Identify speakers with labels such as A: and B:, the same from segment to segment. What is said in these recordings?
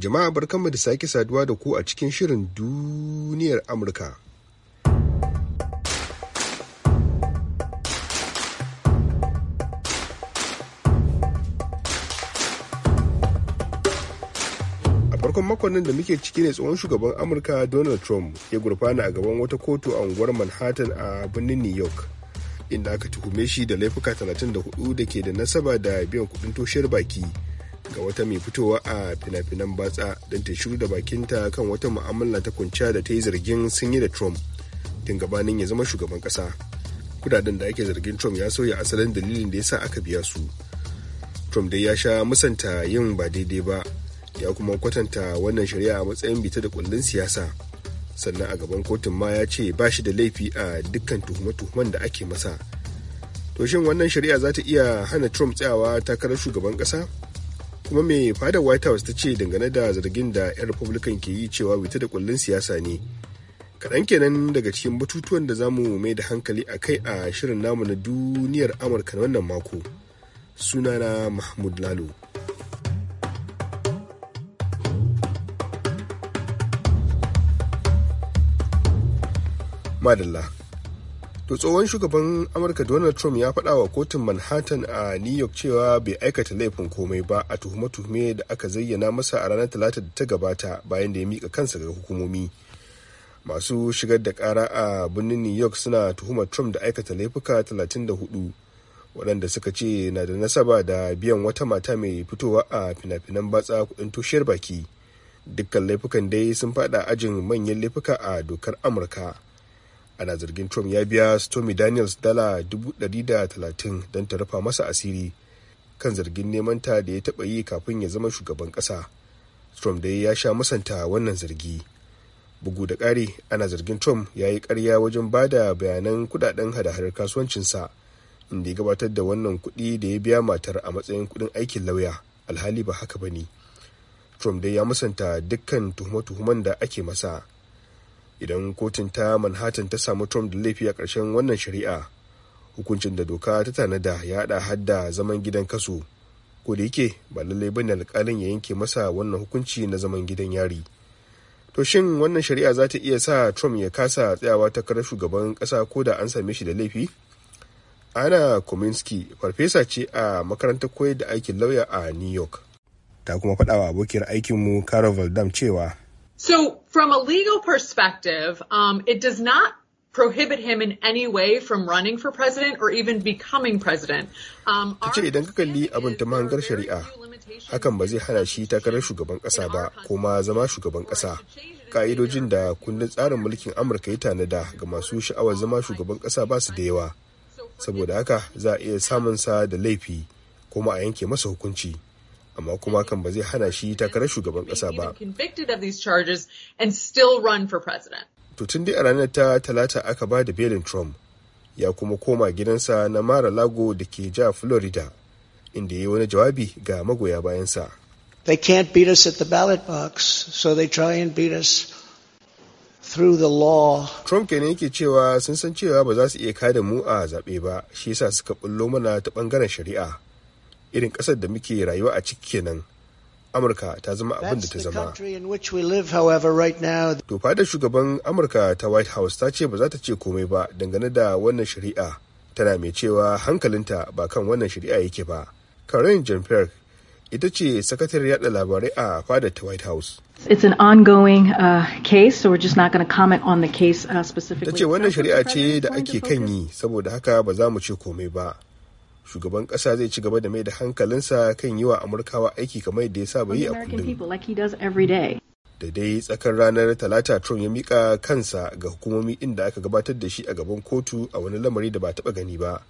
A: Jama'a barkanmu da sake saduwa da ku a cikin shirin duniyar Amurka. farkon makonnin da muke ciki ne tsohon shugaban amurka donald trump ya gurfana a gaban wata kotu a unguwar manhattan a birnin new york inda aka tuhume shi da laifuka 34 da ke da nasaba da biyan kudin toshiyar baki ga wata mai fitowa a fina-finan batsa don ta shiru da bakinta kan wata mu'amala ta kunciya da ta yi zargin sun yi da trump tun gabanin ya zama shugaban kasa kudaden da ake zargin trump ya sauya asalin dalilin da ya sa aka biya su trump dai ya sha musanta yin ba daidai ba ya kuma kwatanta wannan shari'a a matsayin bita da kullun siyasa sannan a gaban kotun ma ya ce ba shi da laifi a dukkan tuhume-tuhumen da ake masa to shin wannan shari'a za ta iya hana trump tsayawa takarar shugaban kasa kuma mai fadar white house ta ce dangane da zargin da 'yan republican ke yi cewa wita da kullun siyasa ne kaɗan kenan daga cikin batutuwan da zamu mai da hankali a kai a shirin namu na duniyar amurka na wannan mako sunana mahmud lalo madalla to tsohon shugaban amurka donald trump ya faɗa wa kotun manhattan a new york cewa bai aikata laifin komai ba a tuhume-tuhume da aka zayyana masa a ranar talata da ta gabata bayan da ya mika kansa ga hukumomi masu shigar da kara a birnin new york suna tuhumar trump da aikata laifuka 34 waɗanda suka ce na da nasaba da biyan wata mata mai fitowa a fina-finan batsa kuɗin tushiyar baki dukkan laifukan dai sun fada ajin manyan laifuka a dokar amurka ana zargin trump ya biya stormy daniels dala 130 don ta rufa masa asiri kan zargin neman ta da ya taba yi kafin ya zama shugaban kasa trump dai ya sha masanta wannan zargi bugu da kari ana zargin trump ya yi karya wajen ba da bayanan kudaden hada-hadar kasuwancinsa inda ya gabatar da wannan kudi da ya biya matar a matsayin kudin aikin lauya alhali ba haka ba ne trump dai ya musanta dukkan tuhuma-tuhuman da ake masa idan kotun ta manhattan ta samu trump da laifi a ƙarshen wannan shari'a hukuncin da doka ta tanada ya haɗa hadda zaman gidan kaso ko da yake ba lallai bane alƙalin ya yanke masa wannan hukunci na zaman gidan yari to shin wannan shari'a za ta iya sa trump ya kasa tsayawa ta karar shugaban ƙasa ko da an same shi da laifi ana kominski farfesa ce a makarantar koyar da aikin lauya a new york ta kuma faɗawa abokiyar aikinmu carol valdam cewa So from a legal perspective, um, it does not prohibit him in any way from running for president or even becoming president. Um, ta ce idan ka kalli abin ta mahangar shari'a, hakan ba zai hana shi takarar shugaban ba ko ma zama shugaban Ka'idojin da kundin tsarin mulkin Amurka ya tanada ga masu sha'awar zama shugaban ba su da yawa. Saboda haka za a iya da laifi kuma a yanke masa hukunci. amma kuma kan ba zai hana shi takarar shugaban ƙasa ba. To tun dai a ranar ta talata aka ba da belin Trump ya kuma koma gidansa na Mara Lago da ke ja Florida inda ya yi wani jawabi ga magoya bayansa. They can't beat us at the ballot box, so they try and beat us through the law. Trump kenan yake cewa sun san cewa ba za su iya kada mu a zaɓe ba, shi yasa suka bullo mana ta ɓangaren shari'a. irin ƙasar da muke rayuwa a ciki kenan amurka ta zama abin da ta zama to fadar shugaban amurka ta white house ta ce ba za ta ce komai ba dangane da wannan shari'a tana mai cewa hankalinta ba kan wannan shari'a yake ba karen jean pierre ita ce sakatar yada labarai a fadar ta white house It's an ongoing uh, case, so we're just not going to comment on the case uh, specifically. Ta ce wannan shari'a ce da ake kan yi, saboda haka ba za mu ce komai ba. shugaban kasa zai ci gaba da mai da hankalinsa kan yi wa amurkawa aiki kamar yadda ya saba yi a kullum da dai tsakar ranar talata trump ya mika kansa ga hukumomi inda aka gabatar da shi a gaban kotu a wani lamari da ba taba gani ba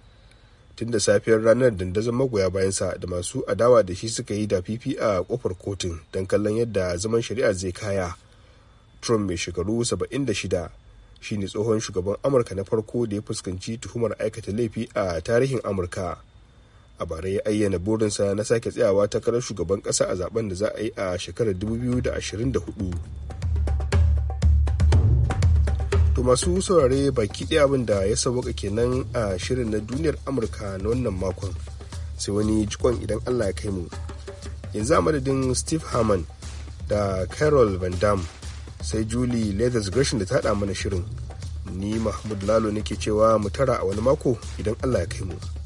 A: tun da safiyar ranar dandazon magoya bayansa da masu adawa da shi suka yi da fifi a kofar kotun don kallon yadda zaman shari'a zai kaya trump mai shekaru 76 shine tsohon shugaban amurka na farko da ya fuskanci tuhumar aikata laifi a tarihin amurka a bara ya ayyana burinsa na sake tsayawa takarar shugaban kasa a zaben da za a yi a shekarar 2024 to masu saurare baki ɗaya abin da ya sauwaka kenan a shirin na duniyar amurka na wannan makon sai wani jikon idan allah ya kai mu yanzu a madadin steve harman da carol van dam sai julie leathers gresham da ta haɗa mana shirin ni mahmud lalo nake cewa mu tara a wani mako idan allah ya kai mu.